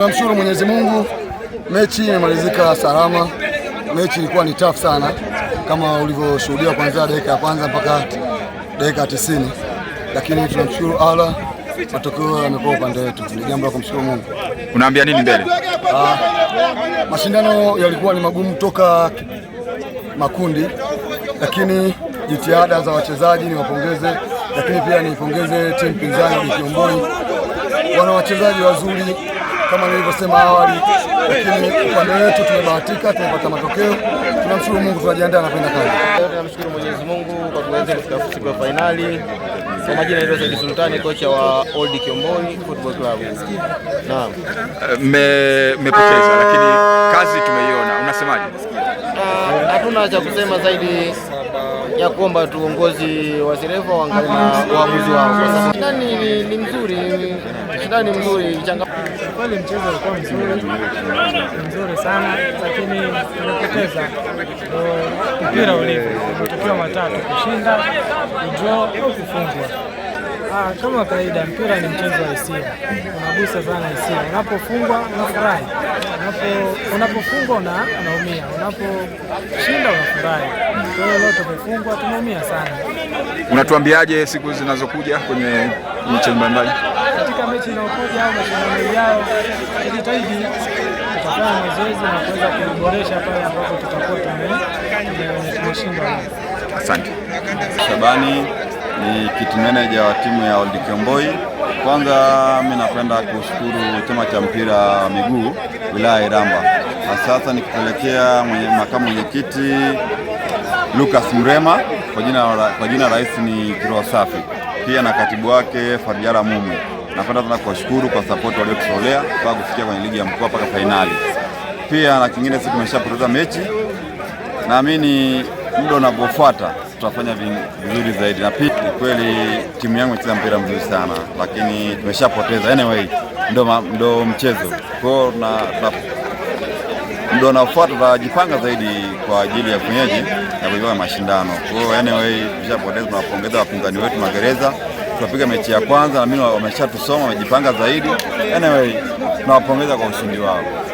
Tunamshukuru Mwenyezi Mungu, mechi imemalizika salama. Mechi ilikuwa ni tough sana kama ulivyoshuhudia kuanzia dakika ya kwanza mpaka dakika tisini, lakini tunamshukuru Allah, matokeo yamekuwa upande wetu, ni jambo la kumshukuru Mungu. Unaambia nini mbele? Ah, mashindano yalikuwa ni magumu toka makundi, lakini jitihada za wachezaji ni wapongeze, lakini pia nipongeze timu pinzani ya wana wachezaji wazuri kama nilivyosema awali, lakini upande wetu tumebahatika, tumepata matokeo. Tunamshukuru Mungu, tunajiandaa na kwenda kazi. Tunamshukuru Mwenyezi Mungu kwa kuweza kufika siku ya fainali. Kwa majina ya Said Sultani, kocha wa Old Kiomboi Football Club. Naam, mmepoteza lakini kazi tumeiona, unasemaje? Ah, hatuna cha kusema zaidi ya kuomba tu uongozi wa Sirefa waangalie na waamuzi wao, kwa sababu ndani ni mzuri, ndani kweli mchezo ulikuwa mzuri mzuri sana, lakini tumepoteza mpira ulivyo, matokeo matatu: kushinda, kudraw au kufungwa. Ah, kama kawaida, mpira ni mchezo wa hisia, unagusa sana hisia. Unapofungwa unafurahi, unapofungwa unaumia, unaposhinda unafurahi. Kwa hiyo leo tumefungwa, tumeumia sana. Unatuambiaje siku zinazokuja kwenye mechi mbalimbali? Katika mechi inayokuja au mashindano yao, tujitahidi kutokana mazoezi na kuweza kuboresha pale ambapo tutakuwa tumeshinda. Asante. Shabani ni kit manager wa timu ya Old Kiomboi. Kwanza mimi napenda kushukuru chama cha mpira wa miguu wilaya Iramba, na sasa nikipelekea makamu mwenyekiti Lucas Mrema, kwa jina kwa jina rais ni Kiroa Safi, pia na katibu wake Fadjara Mumu. Napenda sana kuwashukuru kwa support waliotutolea mpaka kufikia kwenye ligi ya mkoa mpaka fainali. Pia na kingine, sisi tumeshapoteza mechi, naamini muda unapofuata tutafanya vizuri zaidi. Na pia ni kweli timu yangu inacheza mpira mzuri sana, lakini tumeshapoteza. Anyway, ndo, ndo mchezo kwao na ndio unaofuata tutajipanga zaidi kwa ajili ya kufanyaje na kujiunga mashindano. Kwa hiyo anyway, tushapoteza, tunawapongeza wapinzani wetu magereza, tunapiga mechi ya kwanza na mimi wameshatusoma, wamejipanga zaidi. Anyway, tunawapongeza kwa ushindi wao.